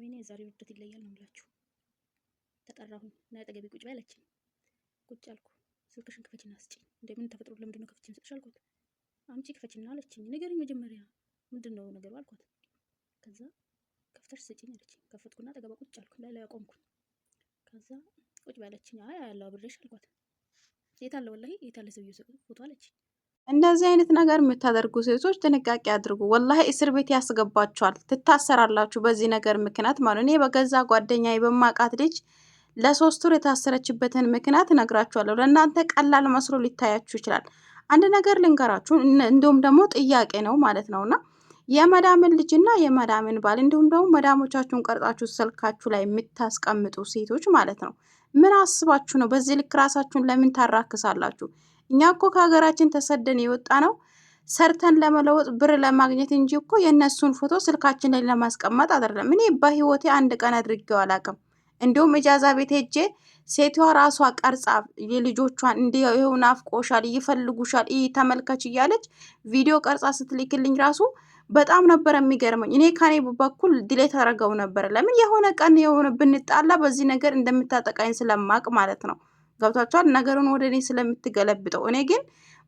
ወይኔ የዛሬ ውርደት ይለያል ነው የምላችሁ። ተጠራሁኝ እና አጠገቤ ቁጭ አለችኝ። ቁጭ አልኩ። ስልክሽን ክፈችና ስጭኝ። እንደምን ተፈጥሮ ለምንድን ነው ከፍቼ ስጥሽ አልኳት። አምጪ ክፈችና አለችኝ። ንገሪኝ መጀመሪያ ምንድን ነው ነገሩ አልኳት። ከዛ ከፍተሽ ስጭኝ አለችኝ። ከፈትኩና አጠገቧ ቁጭ አልኩ። ላይ ላይ አቆምኩኝ። ከዛ ቁጭ ባለችኝ አይ አለ አብሬሽ አልኳት። የት አለ ወላሂ የት አለ ሰውዬው ፎቶ አለችኝ። እንደዚህ አይነት ነገር የምታደርጉ ሴቶች ጥንቃቄ አድርጉ። ወላሂ እስር ቤት ያስገባችኋል፣ ትታሰራላችሁ። በዚህ ነገር ምክንያት ማለት እኔ በገዛ ጓደኛ በማቃት ልጅ ለሶስት ወር የታሰረችበትን ምክንያት እነግራችኋለሁ። ለእናንተ ቀላል መስሎ ሊታያችሁ ይችላል። አንድ ነገር ልንገራችሁ፣ እንዲሁም ደግሞ ጥያቄ ነው ማለት ነውና የመዳምን ልጅና የመዳምን ባል እንዲሁም ደግሞ መዳሞቻችሁን ቀርጻችሁ ስልካችሁ ላይ የምታስቀምጡ ሴቶች ማለት ነው፣ ምን አስባችሁ ነው? በዚህ ልክ ራሳችሁን ለምን ታራክሳላችሁ? እኛ እኮ ከሀገራችን ተሰደን የወጣ ነው ሰርተን ለመለወጥ ብር ለማግኘት እንጂ እኮ የእነሱን ፎቶ ስልካችን ላይ ለማስቀመጥ አይደለም። እኔ በህይወቴ አንድ ቀን አድርጌው አላውቅም። እንዲሁም እጃዛ ቤት ሄጄ ሴቷ ራሷ ቀርጻ የልጆቿን እንዲሁ ናፍቆሻል፣ ይፈልጉሻል፣ ይህ ተመልከች እያለች ቪዲዮ ቀርጻ ስትልክልኝ ራሱ በጣም ነበር የሚገርመኝ። እኔ ከኔ በኩል ድሌ ተረገው ነበር። ለምን የሆነ ቀን የሆነ ብንጣላ በዚህ ነገር እንደምታጠቃኝ ስለማቅ ማለት ነው። ገብቷቸዋል። ነገሩን ወደ እኔ ስለምትገለብጠው እኔ ግን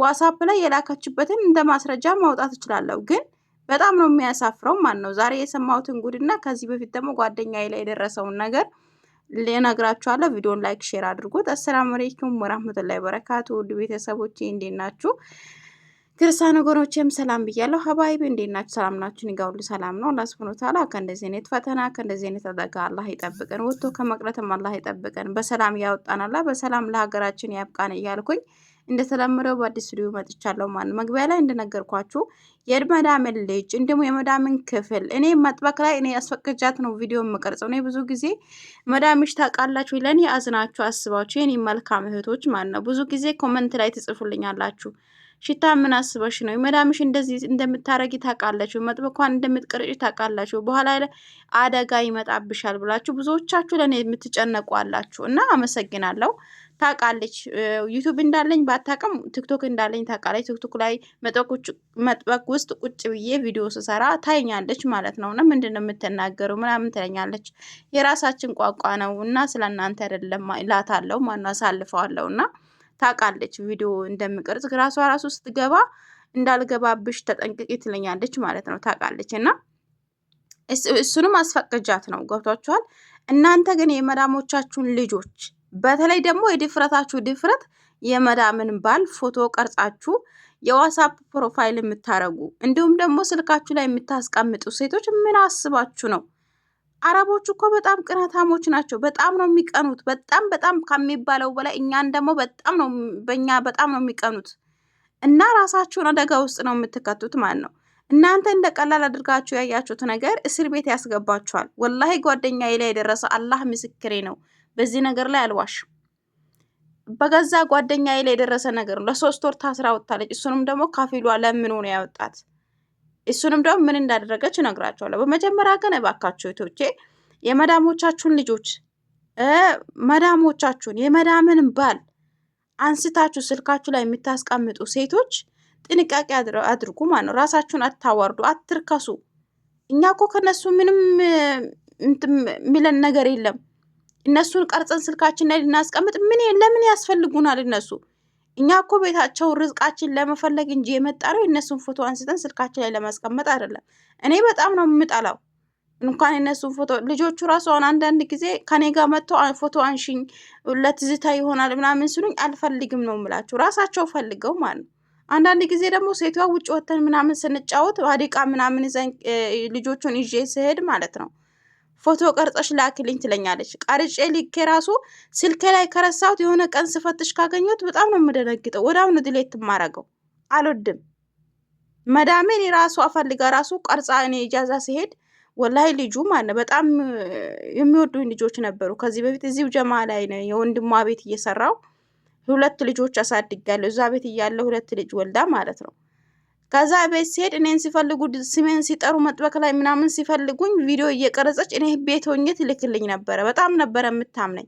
ዋትሳፕ ላይ የላከችበትን እንደ ማስረጃ ማውጣት እችላለሁ። ግን በጣም ነው የሚያሳፍረው። ማን ነው ዛሬ የሰማሁትን ጉድና ከዚህ በፊት ደግሞ ጓደኛዬ ላይ የደረሰውን ነገር ልነግራችኋለሁ። ቪዲዮን ላይክ፣ ሼር አድርጉት። አሰላሙ አለይኩም ወራህመቱላሂ ወበረካቱ ውድ ቤተሰቦቼ እንዴት ናችሁ? ግርሳ ነገሮችም ሰላም ብያለሁ። ሀባይቢ እንዴት ናችሁ? ሰላም ናችሁን? ይጋውሉ ሰላም ነው። አላህ ስብን ታላ ከእንደዚህ አይነት ፈተና ከእንደዚህ አይነት አደጋ አላህ ይጠብቀን፣ ወጥቶ ከመቅረትም አላህ ይጠብቀን፣ በሰላም ያወጣን አላህ በሰላም ለሀገራችን ያብቃን እያልኩኝ እንደተለመደው በአዲስ ስቱዲዮ መጥቻለሁ። ማለት መግቢያ ላይ እንደነገርኳችሁ የመዳምን ልጅ እንዲሁም የመዳምን ክፍል እኔ መጥበቅ ላይ እኔ አስፈቅጃት ነው ቪዲዮ የምቀርጸው። እኔ ብዙ ጊዜ መዳምሽ ታውቃላችሁ፣ ለእኔ አዝናችሁ አስባችሁ የኔ መልካም እህቶች ማለት ነው ብዙ ጊዜ ኮመንት ላይ ትጽፉልኛላችሁ ሽታ ምን አስበሽ ነው? መዳምሽ እንደዚህ እንደምታረጊ ታውቃላችሁ፣ መጥበኳን እንደምትቀርጭ ታውቃላችሁ፣ በኋላ አደጋ ይመጣብሻል ብላችሁ ብዙዎቻችሁ ለእኔ የምትጨነቁ አላችሁ እና አመሰግናለሁ። ታውቃለች ዩቱብ እንዳለኝ ባታውቅም ቲክቶክ እንዳለኝ ታውቃለች። ቲክቶክ ላይ መጥበቅ ውስጥ ቁጭ ብዬ ቪዲዮ ስሰራ ታይኛለች ማለት ነው እና ምንድን ነው የምትናገሩ ምናምን ትለኛለች። የራሳችን ቋንቋ ነው እና ስለ እናንተ አይደለም ላታለው ማና አሳልፈዋለሁ እና ታውቃለች ቪዲዮ እንደምቀርጽ ራሷ ራሱ ስትገባ እንዳልገባብሽ ተጠንቅቂ ትለኛለች ማለት ነው። ታውቃለች እና እሱንም አስፈቅጃት ነው። ገብቷችኋል። እናንተ ግን የመዳሞቻችሁን ልጆች በተለይ ደግሞ የድፍረታችሁ ድፍረት የመዳምን ባል ፎቶ ቀርጻችሁ የዋትሳፕ ፕሮፋይል የምታረጉ እንዲሁም ደግሞ ስልካችሁ ላይ የምታስቀምጡ ሴቶች ምን አስባችሁ ነው? አረቦቹ እኮ በጣም ቅናታሞች ናቸው። በጣም ነው የሚቀኑት። በጣም በጣም ከሚባለው በላይ እኛን ደግሞ በጣም ነው በእኛ በጣም ነው የሚቀኑት እና ራሳችሁን አደጋ ውስጥ ነው የምትከቱት ማለት ነው። እናንተ እንደ ቀላል አድርጋችሁ ያያችሁት ነገር እስር ቤት ያስገባችኋል። ወላሂ ጓደኛዬ ላይ የደረሰ አላህ ምስክሬ ነው። በዚህ ነገር ላይ አልዋሽም። በገዛ ጓደኛዬ ላይ የደረሰ ነገር ነው። ለሶስት ወር ታስራ ወጥታለች። እሱንም ደግሞ ከፊሏ ለምኖ ነው ያወጣት። እሱንም ደግሞ ምን እንዳደረገች እነግራቸዋለሁ። በመጀመሪያ ግን እባካችሁ እህቶቼ የመዳሞቻችሁን ልጆች መዳሞቻችሁን የመዳምን ባል አንስታችሁ ስልካችሁ ላይ የምታስቀምጡ ሴቶች ጥንቃቄ አድርጉ ማለት ነው። ራሳችሁን አታዋርዱ፣ አትርከሱ። እኛ እኮ ከነሱ ምንም የሚለን ነገር የለም። እነሱን ቀርጸን ስልካችን ላይ ልናስቀምጥ ምን ለምን ያስፈልጉናል እነሱ እኛ እኮ ቤታቸው ርዝቃችን ለመፈለግ እንጂ የመጣ ነው። የእነሱን ፎቶ አንስተን ስልካችን ላይ ለማስቀመጥ አይደለም። እኔ በጣም ነው የምጠላው። እንኳን የእነሱን ፎቶ ልጆቹ ራሱ አሁን አንዳንድ ጊዜ ከኔ ጋር መጥተው ፎቶ አንሽኝ ለትዝታ ይሆናል ምናምን ስሉኝ አልፈልግም ነው የምላቸው። ራሳቸው ፈልገው ማለት ነው። አንዳንድ ጊዜ ደግሞ ሴቷ ውጭ ወተን ምናምን ስንጫወት አዲቃ ምናምን ልጆቹን ይዤ ስሄድ ማለት ነው ፎቶ ቀርጸሽ ላክልኝ ትለኛለች። ቀርጬ ልኬ ራሱ ስልኬ ላይ ከረሳሁት የሆነ ቀን ስፈትሽ ካገኘሁት በጣም ነው የምደነግጠው። ወደ አሁኑ ድሌት ትማረገው አልወድም። መዳሜን የራሱ አፈልጋ ራሱ ቀርጻ እኔ ኢጃዛ ሲሄድ ወላይ ልጁ ማለት ነው በጣም የሚወዱኝ ልጆች ነበሩ። ከዚህ በፊት እዚሁ ጀማ ላይ ነው የወንድሟ ቤት እየሰራው ሁለት ልጆች አሳድጋለሁ። እዛ ቤት እያለ ሁለት ልጅ ወልዳ ማለት ነው ከዛ ቤት ሲሄድ እኔን ሲፈልጉ ስሜን ሲጠሩ መጥበክ ላይ ምናምን ሲፈልጉኝ ቪዲዮ እየቀረጸች እኔ ቤት ሆኜ ትልክልኝ ነበረ። በጣም ነበረ የምታምነኝ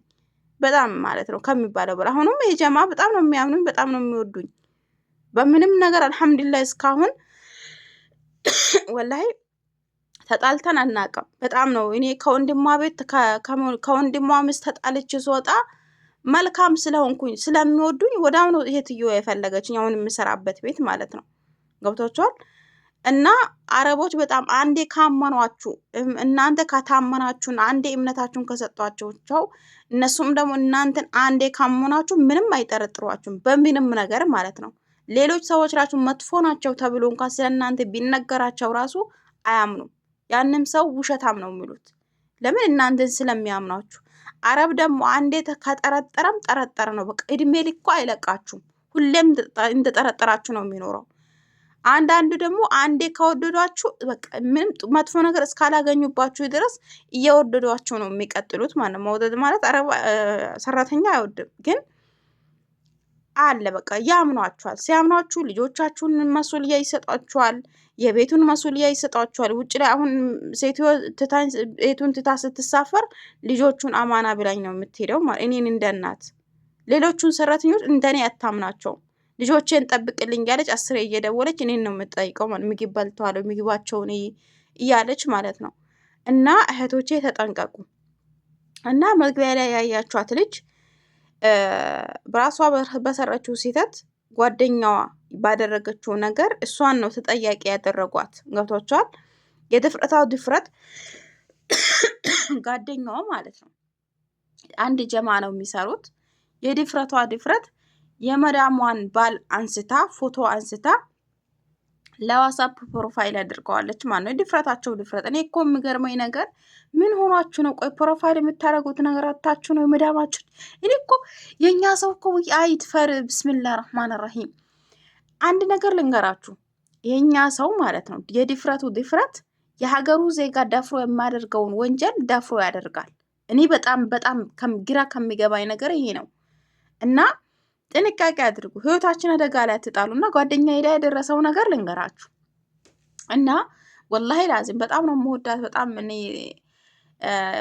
በጣም ማለት ነው ከሚባለው በላይ። አሁንም ይሄ ጀማ በጣም ነው የሚያምኑኝ፣ በጣም ነው የሚወዱኝ። በምንም ነገር አልሐምዱሊላህ እስካሁን ወላይ ተጣልተን አናቅም። በጣም ነው እኔ ከወንድሟ ቤት ከወንድሟ ምስ ተጣልቼ ስወጣ መልካም ስለሆንኩኝ ስለሚወዱኝ ወዳም ነው ይሄ ትዮ የፈለገችኝ አሁን የምሰራበት ቤት ማለት ነው። ገብቷችኋል። እና አረቦች በጣም አንዴ ካመኗችሁ እናንተ ከታመናችሁን አንዴ እምነታችሁን ከሰጧቸው እነሱም ደግሞ እናንተን አንዴ ካመኗችሁ ምንም አይጠረጥሯችሁም በምንም ነገር ማለት ነው። ሌሎች ሰዎች ራሱ መጥፎ ናቸው ተብሎ እንኳን ስለ እናንተ ቢነገራቸው ራሱ አያምኑም። ያንም ሰው ውሸታም ነው የሚሉት ለምን? እናንተን ስለሚያምናችሁ። አረብ ደግሞ አንዴ ከጠረጠረም ጠረጠረ ነው በቃ። እድሜ ልኮ አይለቃችሁም። ሁሌም እንደጠረጠራችሁ ነው የሚኖረው። አንዳንዱ ደግሞ አንዴ ከወደዷችሁ ምንም መጥፎ ነገር እስካላገኙባችሁ ድረስ እየወደዷችሁ ነው የሚቀጥሉት ማለት ነው። መውደድ ማለት ሰራተኛ አይወድም ግን አለ በቃ ያምኗችኋል። ሲያምኗችሁ ልጆቻችሁን መሱልያ ይሰጧችኋል፣ የቤቱን መሱልያ ይሰጧችኋል። ውጭ ላይ አሁን ሴትዮ ቤቱን ትታ ስትሳፈር ልጆቹን አማና ብላኝ ነው የምትሄደው። እኔን እንደ እናት ሌሎቹን ሰራተኞች እንደኔ አታምናቸውም። ልጆቼን ጠብቅልኝ እያለች አስሬ እየደወለች እኔን ነው የምጠይቀው። ምግብ በልተዋል ምግባቸውን እያለች ማለት ነው። እና እህቶቼ ተጠንቀቁ። እና መግቢያ ላይ ያያችኋት ልጅ በራሷ በሰራችው ስህተት ጓደኛዋ ባደረገችው ነገር እሷን ነው ተጠያቂ ያደረጓት። ገብቷቸዋል። የድፍረታው ድፍረት ጓደኛዋ ማለት ነው። አንድ ጀማ ነው የሚሰሩት። የድፍረቷ ድፍረት የመዳሟን ባል አንስታ ፎቶ አንስታ ለዋሳፕ ፕሮፋይል አድርገዋለች ማለት ነው። ድፍረታቸው ድፍረት። እኔ እኮ የሚገርመኝ ነገር ምን ሆኗችሁ ነው? ቆይ ፕሮፋይል የምታደርጉት ነገር አታችሁ ነው የመዳማችሁን? እኔ እኮ የእኛ ሰው እኮ አይትፈር። ብስሚላ ረህማን ረሂም። አንድ ነገር ልንገራችሁ፣ የእኛ ሰው ማለት ነው የድፍረቱ ድፍረት የሀገሩ ዜጋ ዳፍሮ የማደርገውን ወንጀል ዳፍሮ ያደርጋል። እኔ በጣም በጣም ግራ ከሚገባኝ ነገር ይሄ ነው እና ጥንቃቄ አድርጉ። ህይወታችን አደጋ ላይ አትጣሉ። እና ጓደኛ ሄዳ የደረሰው ነገር ልንገራችሁ እና ወላሂ ላዚም በጣም ነው የምወዳት። በጣም እኔ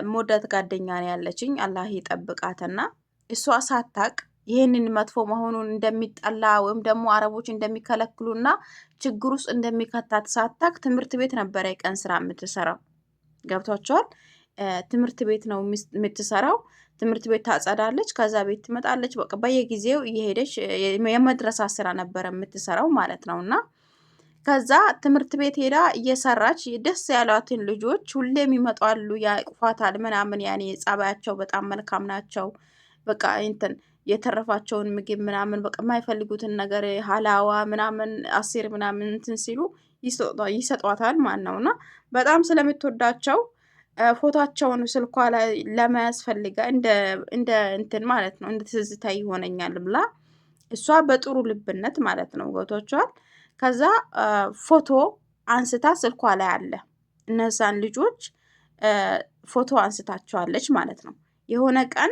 የምወዳት ጓደኛ ነው ያለችኝ። አላህ ይጠብቃትና እሷ ሳታቅ ይህንን መጥፎ መሆኑን እንደሚጠላ ወይም ደግሞ አረቦች እንደሚከለክሉና ችግር ውስጥ እንደሚከታት ሳታቅ ትምህርት ቤት ነበረ የቀን ስራ የምትሰራው ገብቷቸዋል። ትምህርት ቤት ነው የምትሰራው። ትምህርት ቤት ታጸዳለች፣ ከዛ ቤት ትመጣለች። በቃ በየጊዜው እየሄደች የመድረሳ ስራ ነበረ የምትሰራው ማለት ነው። እና ከዛ ትምህርት ቤት ሄዳ እየሰራች ደስ ያሏትን ልጆች ሁሌም ይመጣሉ፣ ያቅፏታል፣ ምናምን ያኔ ጸባያቸው በጣም መልካም ናቸው። በቃ እንትን የተረፋቸውን ምግብ ምናምን በቃ የማይፈልጉትን ነገር ሀላዋ ምናምን አሲር ምናምን እንትን ሲሉ ይሰጧታል ማለት ነው እና በጣም ስለምትወዳቸው ፎቶቸውን ስልኳ ላይ ለመያዝ ፈልጋ እንደ እንትን ማለት ነው እንደ ትዝታ ይሆነኛል ብላ እሷ በጥሩ ልብነት ማለት ነው ገብቷቸዋል። ከዛ ፎቶ አንስታ ስልኳ ላይ አለ እነዛን ልጆች ፎቶ አንስታቸዋለች ማለት ነው። የሆነ ቀን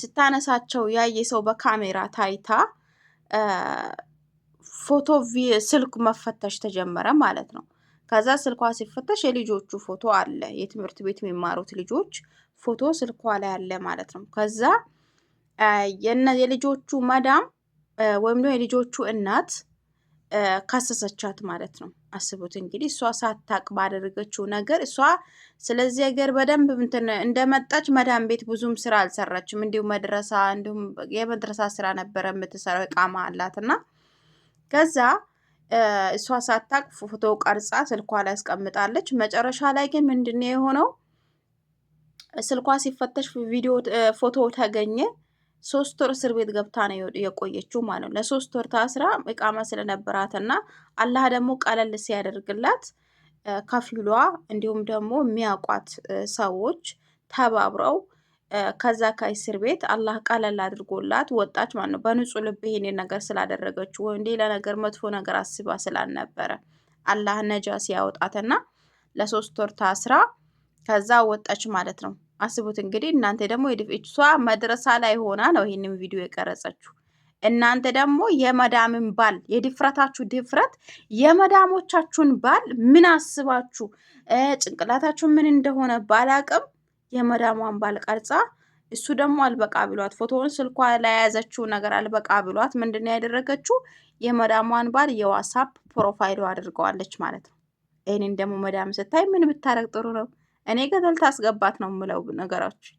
ስታነሳቸው ያየ ሰው በካሜራ ታይታ ፎቶ ስልክ መፈተሽ ተጀመረ ማለት ነው። ከዛ ስልኳ ሲፈተሽ የልጆቹ ፎቶ አለ። የትምህርት ቤት የሚማሩት ልጆች ፎቶ ስልኳ ላይ አለ ማለት ነው። ከዛ የልጆቹ መዳም ወይም ደግሞ የልጆቹ እናት ከሰሰቻት ማለት ነው። አስቡት እንግዲህ እሷ ሳታቅ ባደረገችው ነገር እሷ ስለዚህ ነገር በደንብ እንትን እንደመጣች መዳም ቤት ብዙም ስራ አልሰራችም። እንዲሁ መድረሳ እንዲሁም የመድረሳ ስራ ነበረ የምትሰራው። እቃማ አላት እና ከዛ እሷ ሳታቅ ፎቶ ቀርጻ ስልኳ ላይ አስቀምጣለች። መጨረሻ ላይ ግን ምንድን የሆነው ስልኳ ሲፈተሽ ቪዲዮ ፎቶ ተገኘ። ሶስት ወር እስር ቤት ገብታ ነው የቆየችው ማለት ነው። ለሶስት ወር ታስራ እቃማ ስለነበራትና አላህ ደግሞ ቀለል ሲያደርግላት ከፊሏ እንዲሁም ደግሞ የሚያውቋት ሰዎች ተባብረው ከዛ ከእስር ቤት አላህ ቀለል አድርጎላት ወጣች ማለት ነው። በንጹህ ልብ ይሄንን ነገር ስላደረገችው ወይም ሌላ ነገር መጥፎ ነገር አስባ ስላልነበረ አላህ ነጃ ሲያወጣትና ለሶስት ወር ታስራ ከዛ ወጣች ማለት ነው። አስቡት እንግዲህ እናንተ ደግሞ እሷ መድረሳ ላይ ሆና ነው ይሄንን ቪዲዮ የቀረጸችው። እናንተ ደግሞ የመዳምን ባል የድፍረታችሁ ድፍረት የመዳሞቻችሁን ባል ምን አስባችሁ ጭንቅላታችሁ ምን እንደሆነ ባላቅም የመዳሟን ባል ቀርጻ እሱ ደግሞ አልበቃ ብሏት ፎቶውን ስልኳ የያዘችው ነገር አልበቃ ብሏት ምንድን ነው ያደረገችው? የመዳሟን ባል የዋትሳፕ ፕሮፋይሉ አድርገዋለች ማለት ነው። ይህንን ደግሞ መዳም ስታይ ምን ብታረግ ጥሩ ነው? እኔ ገደል ታስገባት ነው የምለው ነገሮች